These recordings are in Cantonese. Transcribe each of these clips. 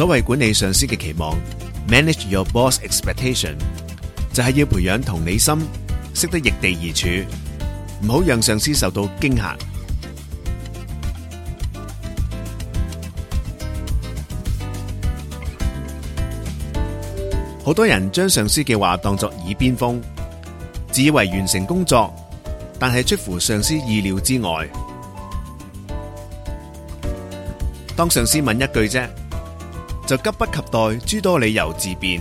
所謂管理上司嘅期望，manage your boss expectation，就係要培養同理心，識得易地而處，唔好讓上司受到驚嚇。好多人將上司嘅話當作耳邊風，自以為完成工作，但係出乎上司意料之外。當上司問一句啫。就急不及待，諸多理由自辯，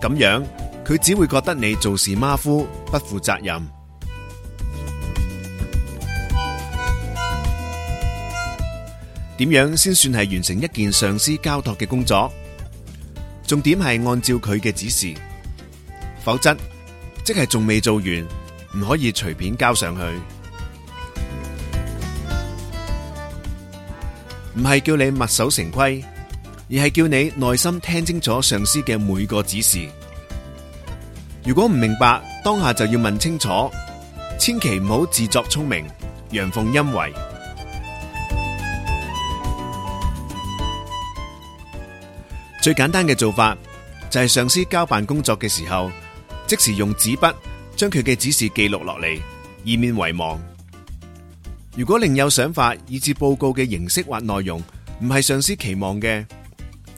咁樣佢只會覺得你做事馬虎，不負責任。點樣先算係完成一件上司交託嘅工作？重點係按照佢嘅指示，否則即係仲未做完，唔可以隨便交上去。唔係叫你墨守成規。而係叫你耐心聽清楚上司嘅每個指示。如果唔明白，當下就要問清楚，千祈唔好自作聰明，陽奉陰違。最簡單嘅做法，就係上司交辦工作嘅時候，即時用紙筆將佢嘅指示記錄落嚟，以免遺忘。如果另有想法，以致報告嘅形式或內容唔係上司期望嘅。